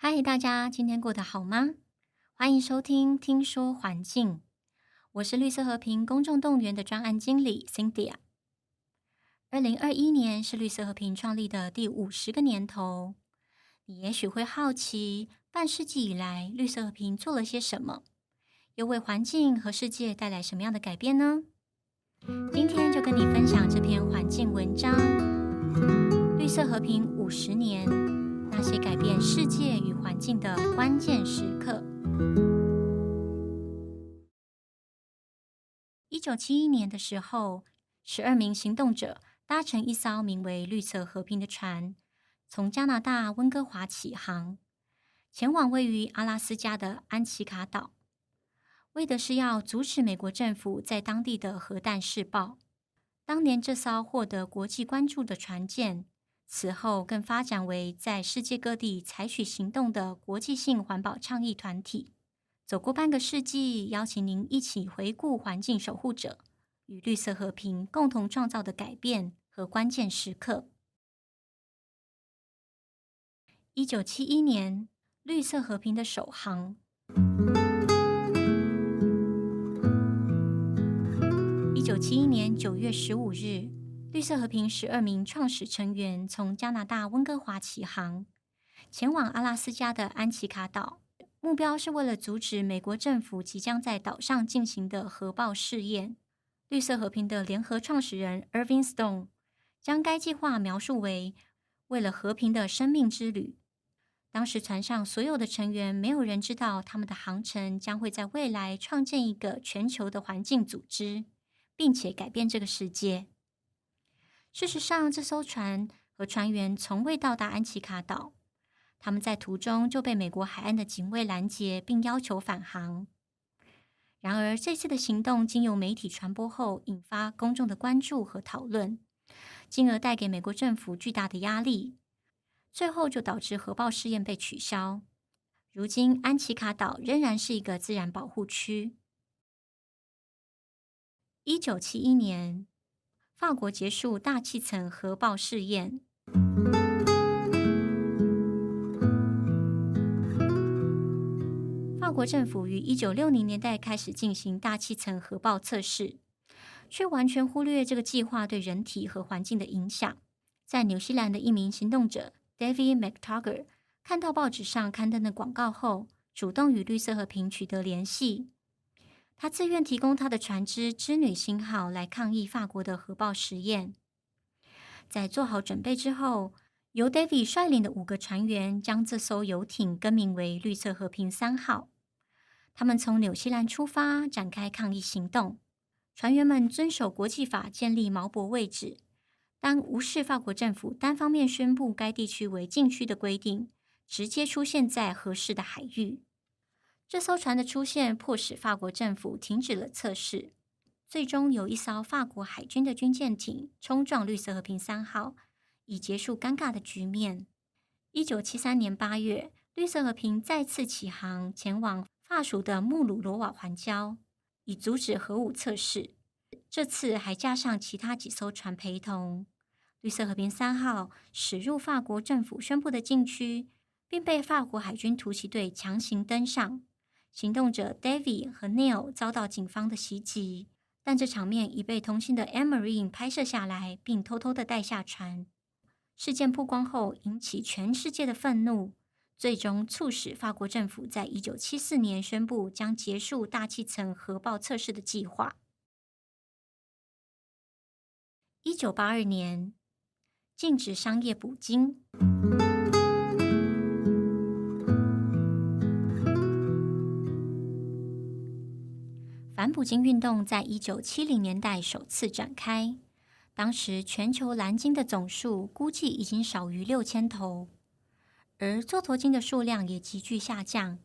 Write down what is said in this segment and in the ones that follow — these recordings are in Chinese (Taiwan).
嗨，大家，今天過得好嗎？歡迎收聽《聽說環境》，我是綠色和平公眾動員的專案經理 Cynthia。二零二一年是綠色和平創立的第五十個年頭。你也許會好奇，半世紀以來，綠色和平做了些什麼？又為環境和世界帶來什麼樣的改變呢？今天就跟你分享這篇環境文章，《綠色和平五十年》。世界與環境的關鍵時刻。一九七一年的時候，十二名行動者搭乘一艘名為“綠色和平”的船，從加拿大溫哥華啟航，前往位於阿拉斯加的安琪卡島，為的是要阻止美國政府在當地的核彈試爆。當年，這艘獲得國際關注的船艦。此後更發展為在世界各地採取行動的國際性環保倡議團體。走過半個世紀，邀請您一起回顧環境守護者與綠色和平共同創造的改變和關鍵時刻。一九七一年，綠色和平的首航。一九七一年九月十五日。綠色和平十二名創始成員從加拿大溫哥華啟航，前往阿拉斯加的安琪卡島，目標是為了阻止美國政府即將在島上進行的核爆試驗。綠色和平的聯合創始人 Irving Stone 將該計劃描述為“為了和平的生命之旅”。當時船上所有的成員，沒有人知道他們的航程將會在未來創建一個全球的環境組織，並且改變這個世界。事實上，這艘船和船員從未到達安琪卡島。他們在途中就被美國海岸的警衛攔截，並要求返航。然而，這次的行動經由媒體傳播後，引發公眾的關注和討論，進而帶給美國政府巨大的壓力，最後就導致核爆試驗被取消。如今，安琪卡島仍然是一個自然保護區。一九七一年。法國結束大氣層核爆試驗。法國政府於一九六零年代，開始進行大氣層核爆測試，卻完全忽略這個計劃對人體和環境的影響。在紐西蘭的一名行動者 David McTaggart 看到報紙上刊登的廣告後，主動與綠色和平取得聯繫。他自願提供他的船隻“織女星號”來抗議法國的核爆實驗。在做好準備之後，由 David 率領的五個船員將這艘遊艇更名為“綠色和平三號”。他們從紐西蘭出發，展開抗議行動。船員們遵守國際法，建立錨泊位置，但無視法國政府單方面宣布該地區為禁區的規定，直接出現在合適的海域。這艘船的出現迫使法國政府停止了測試，最終有一艘法國海軍的軍艦艇衝撞“綠色和平三號”，以結束尷尬的局面。一九七三年八月，“綠色和平”再次起航，前往法屬的穆魯羅瓦環礁，以阻止核武測試。這次還加上其他幾艘船陪同，“綠色和平三號”駛入法國政府宣布的禁區，並被法國海軍突擊隊，隊強行登上。行動者 David 和 Neil 遭到警方的襲擊，但這場面已被同行的 Ann-Marie 拍攝下來，並偷偷的帶下船。事件曝光後，引起全世界的憤怒，最終促使法國政府在一九七四年宣布將結束大氣層核爆測試的計劃。一九八二年，禁止商業捕鯨。反捕鯨運動在一九七零年代首次展開，當時全球藍鯨的總數估計已經少於六千頭，而座頭鯨的數量也急劇下降。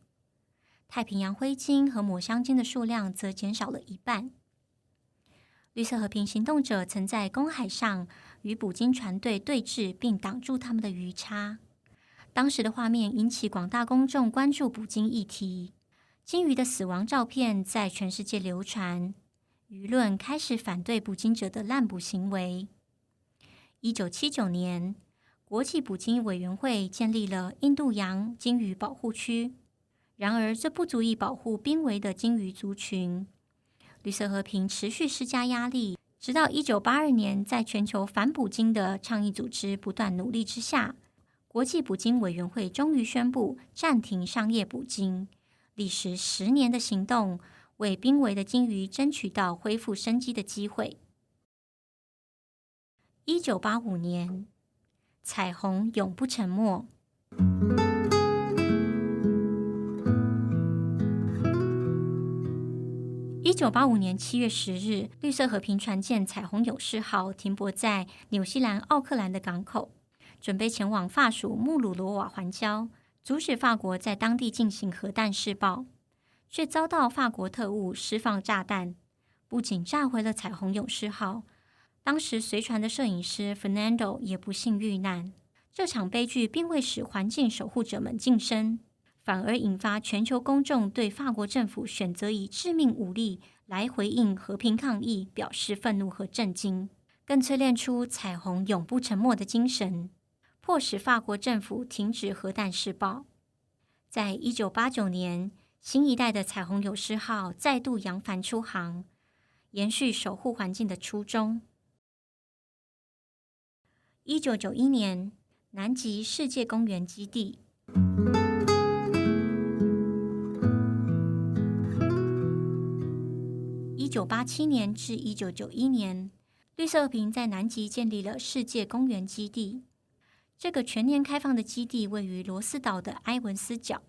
太平洋灰鯨和抹香鯨的數量則減少了一半。綠色和平行動者曾在公海上與捕鯨船隊對峙，並擋住他們的魚叉。當時的畫面引起廣大公眾關注捕鯨議題。鯨魚的死亡照片在全世界流傳，輿論開始反對捕鯨者的濫捕行為。一九七九年，國際捕鯨委員會建立了印度洋鯨魚保護區。然而，這不足以保護瀕危的鯨魚族群。綠色和平持續施加壓力，直到一九八二年，在全球反捕鯨的倡議組織不斷努力之下，國際捕鯨委員會終於宣布暫停商業捕鯨。歷時十年的行動，為瀕危的鯨魚爭取到恢復生機的機會。一九八五年，彩虹永不沉沒。一九八五年七月十日，綠色和平船艦“彩虹勇士號”停泊在紐西蘭奧克蘭的港口，準備前往法屬穆魯羅瓦環礁，阻止法國在當地進行核彈試爆，卻遭到法國特務釋放炸彈，不僅炸毀了彩虹勇士號，當時隨船的攝影師 Fernando 也不幸遇難。這場悲劇並未使環境守護者們噤聲，反而引發全球公眾對法國政府選擇以致命武力來回應和平抗議表示憤怒和震驚，更淬煉出彩虹永不沉沒的精神。迫使法國政府停止核彈試爆。在一九八九年，新一代的彩虹勇士號再度揚帆出航，延續守護環境的初衷。一九九一年，南極世界公園基地。一九八七年至一九九一年，綠色和平在南極建立了世界公園基地。這個全年開放的基地位於羅斯島的埃文斯角。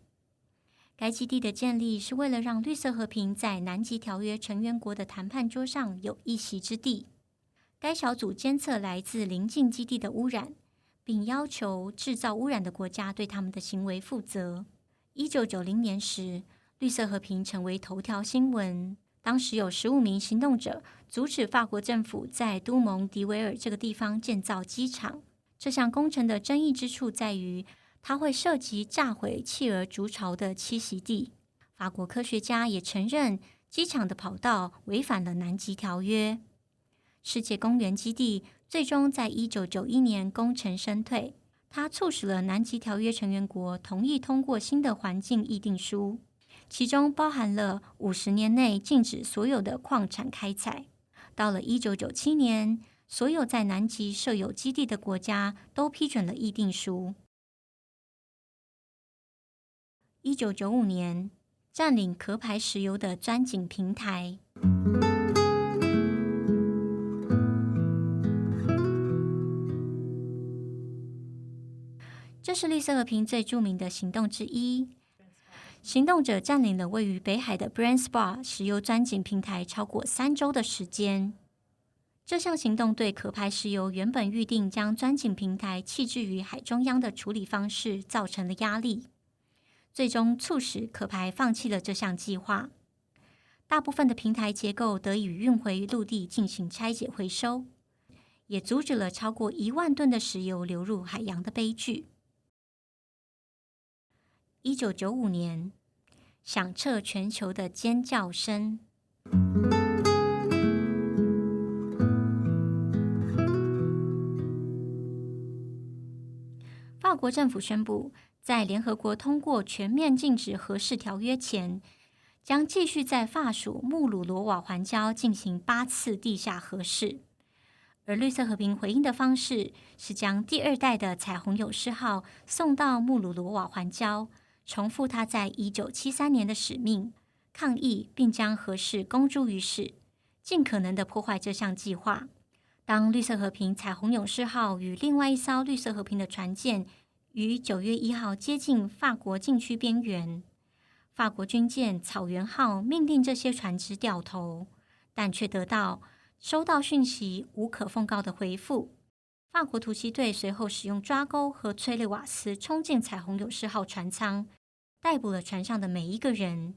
該基地的建立是為了讓綠色和平在南極條約成員國的談判桌上有一席之地。該小組監測來自鄰近基地的污染，並要求制造污染的國家對他們的行為負責。一九九零年時，綠色和平成為頭條新聞。當時有十五名行動者阻止法國政府在都蒙迪維爾這個地方建造機場。這項工程的爭議之處在於，它會涉及炸毀企鵝築巢的棲息地。法國科學家也承認，機場的跑道違反了南極條約。世界公園基地最終在一九九一年功成身退，它促使了南極條約成員國同意通過新的環境議定書，其中包含了五十年內禁止所有的礦產開採。到了一九九七年，所有在南極設有基地的國家都批准了議定書。一九九五年，佔領殼牌石油的鑽井平台，這是綠色和平最著名的行動之一。行動者佔領了位於北海的 Brent Spar 石油鑽井平台超過三周的時間。這項行動對殼牌石油原本預定將鑽井平台棄置於海中央的處理方式造成了壓力，最終促使殼牌放棄了這項計劃。大部分的平台結構得以運回陸地進行拆解回收，也阻止了超過一萬噸的石油流入海洋的悲劇。一九九五年，響徹全球的尖叫聲。各國政府宣布，在聯合國通過全面禁止核試條約前，將繼續在法屬穆魯羅瓦環礁進行八次地下核試。而綠色和平回應的方式是將第二代的彩虹勇士號送到穆魯羅瓦環礁，重複它在一九七三年的使命，抗議並將核試公諸於世，盡可能的破壞這項計劃。當綠色和平彩虹勇士號與另外一艘綠色和平的船艦，於九月一號接近法國禁區邊緣，法國軍艦“草原號”命令這些船隻掉頭，但卻得到收到訊息無可奉告的回復。法國突擊隊隨後使用抓鈎和催淚瓦斯衝進“彩虹勇士號”船艙，逮捕了船上的每一個人。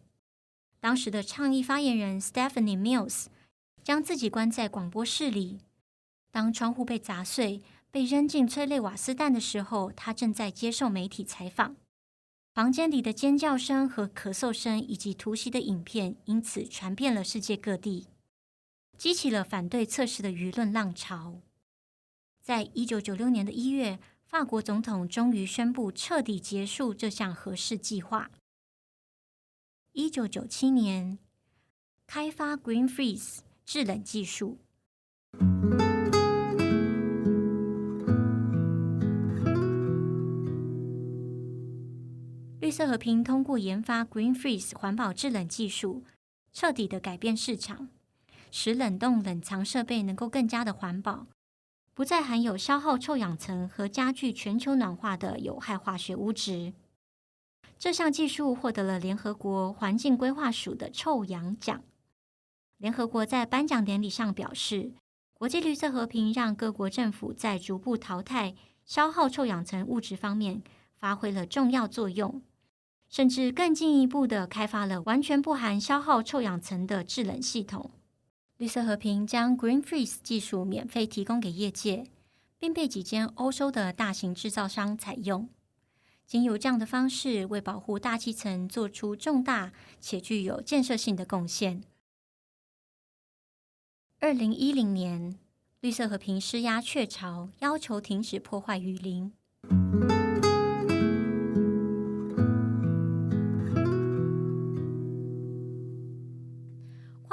當時的倡議發言人 Stephanie Mills 將自己關在廣播室裡，當窗戶被砸碎被扔進催淚瓦斯彈的時候，他正在接受媒體採訪。房間裡的尖叫聲和咳嗽聲，以及突襲的影片，因此傳遍了世界各地，激起了反對測試的輿論浪潮。在一九九六年的一月，法國總統終於宣布徹底結束這項核試計劃。一九九七年，開發 Green Freeze 制冷技術。綠色和平通過研發 Green Freeze 環保製冷技術，徹底的改變市場，使冷凍冷藏設備能夠更加的環保，不再含有消耗臭氧層和加劇全球暖化的有害化學物質。這項技術獲得了聯合國環境規劃署的臭氧獎。聯合國在頒獎典禮上表示，國際綠色和平讓各國政府在逐步淘汰消耗臭氧層物質方面發揮了重要作用。甚至更進一步的開發了完全不含消耗臭氧層的制冷系統。綠色和平將 Green Freeze 技術免費提供給業界，並被幾間歐洲的大型制造商採用。經由這樣的方式為保護大氣層做出重大且具有建設性的貢獻。二零一零年，綠色和平施壓雀巢，要求停止破壞雨林。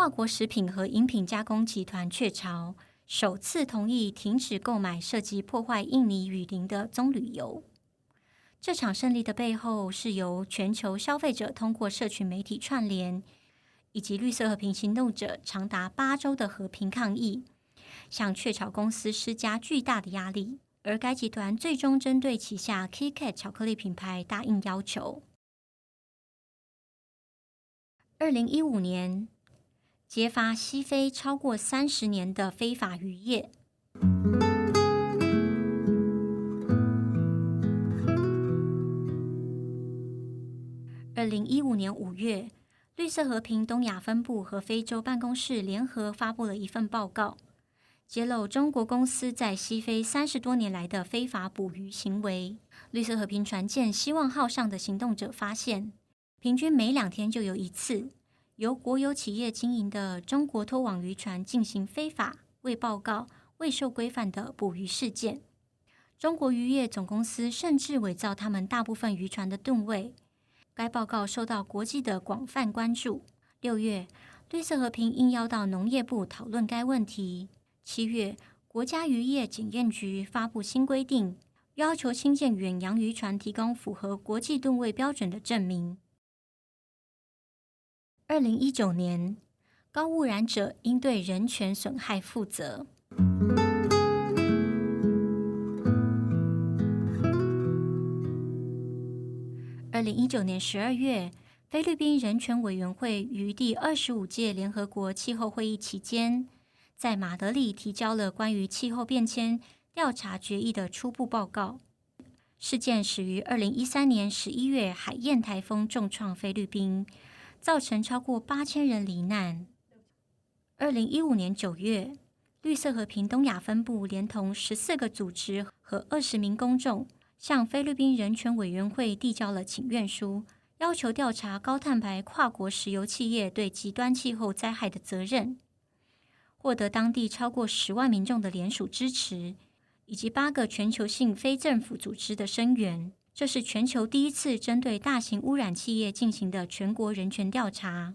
法國食品和飲品加工集團雀巢首次同意停止購買涉及破壞印尼雨林的棕櫚油。這場勝利的背後是由全球消費者通過社群媒體串聯，以及綠色和平行動者長達八週的和平抗議，向雀巢公司施加巨大的壓力。而該集團最終針對旗下 KitKat 巧克力品牌答應要求。二零一五年，揭發西非超過三十年的非法漁業。二零一五年五月，綠色和平東亞分部和非洲辦公室聯合發布了一份報告，揭露中國公司在西非三十多年來的非法捕魚行為。綠色和平船艦“希望號”上的行動者發現，平均每兩天就有一次，由國有企業經營的中國拖網漁船進行非法、未報告、未受規範的捕魚事件。中國漁業總公司甚至偽造他們大部分漁船的噸位。該報告受到國際的廣泛關注。六月，綠色和平應邀到農業部討論該問題。七月，國家漁業檢驗局發布新規定，要求新建遠洋漁船提供符合國際噸位標準的證明。二零一九年，高污染者應對人權損害負責。二零一九年十二月，菲律賓人權委員會於第二十五屆聯合國氣候會議期間，在馬德里提交了關於氣候變遷調查決議的初步報告。事件始於二零一三年十一月，海燕台風重創菲律賓。造成超過八千人罹難。二零一五年九月，綠色和平東亞分部連同十四個組織和二十名公眾，向菲律賓人權委員會遞交了請願書，要求調查高碳排跨國石油企業對極端氣候災害的責任，獲得當地超過十萬民眾的聯署支持，以及八個全球性非政府組織的聲援。這是全球第一次針對大型污染企業進行的全國人權調查，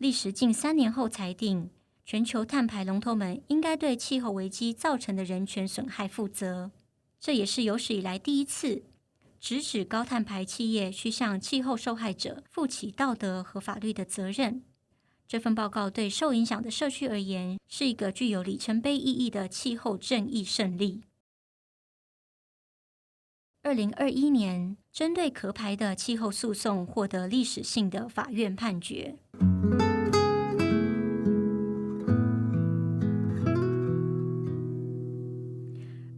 歷時近三年後裁定，全球碳排龍頭們應該對氣候危機造成的人權損害負責。這也是有史以來第一次直指高碳排企業需向氣候受害者負起道德和法律的責任。這份報告對受影響的社區而言，是一個具有里程碑意義的氣候正義勝利。二零二一年，針對殼牌的氣候訴訟獲得歷史性的法院判決。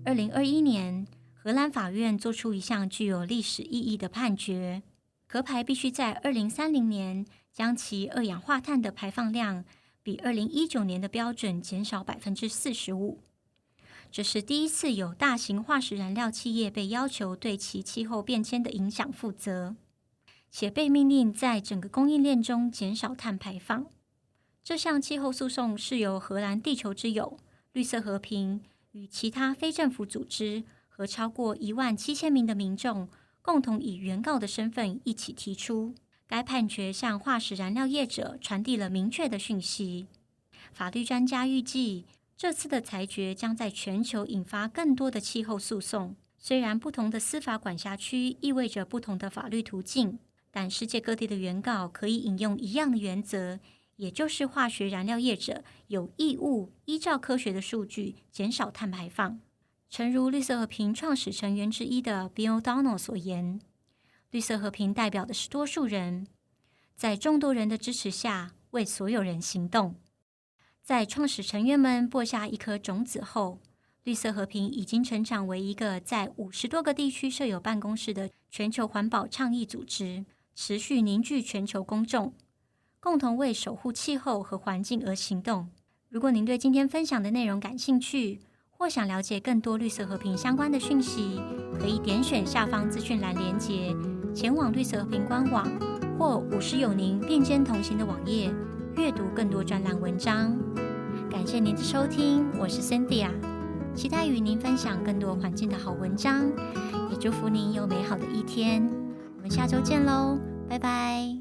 二零二一年，荷蘭法院作出一項具有歷史意義的判決：殼牌必須在二零三零年將其二氧化碳的排放量比二零一九年的標準減少百分之四十五。這是第一次有大型化石燃料企業被要求對其氣候變遷的影響負責，且被命令在整個供應鏈中減少碳排放。這項氣候訴訟是由荷蘭地球之友、綠色和平與其他非政府組織和超過一萬七千名的民眾共同以原告的身份一起提出。該判決向化石燃料業者傳遞了明確的訊息。法律專家預計，這次的裁決將在全球引發更多的氣候訴訟。雖然不同的司法管轄區意味着不同的法律途徑，但世界各地的原告可以引用一樣的原則，也就是化學燃料業者有義務依照科學的數據減少碳排放。誠如綠色和平創始成員之一的 Bill Donald 所言：“綠色和平代表的是多數人，在眾多人的支持下，為所有人行動。”在創始成員們播下一顆種子後，綠色和平已經成長為一個在五十多個地區設有辦公室的全球環保倡議組織，持續凝聚全球公眾，共同為守護氣候和環境而行動。如果您對今天分享的內容感興趣，或想了解更多綠色和平相關的訊息，可以點選下方資訊欄鏈接，前往綠色和平官網，或五十有您並肩同行的網頁。閱讀更多專欄文章，感謝您的收聽。我是 Cindy 啊，期待與您分享更多環境的好文章，也祝福您有美好的一天。我們下周見嘍，拜拜。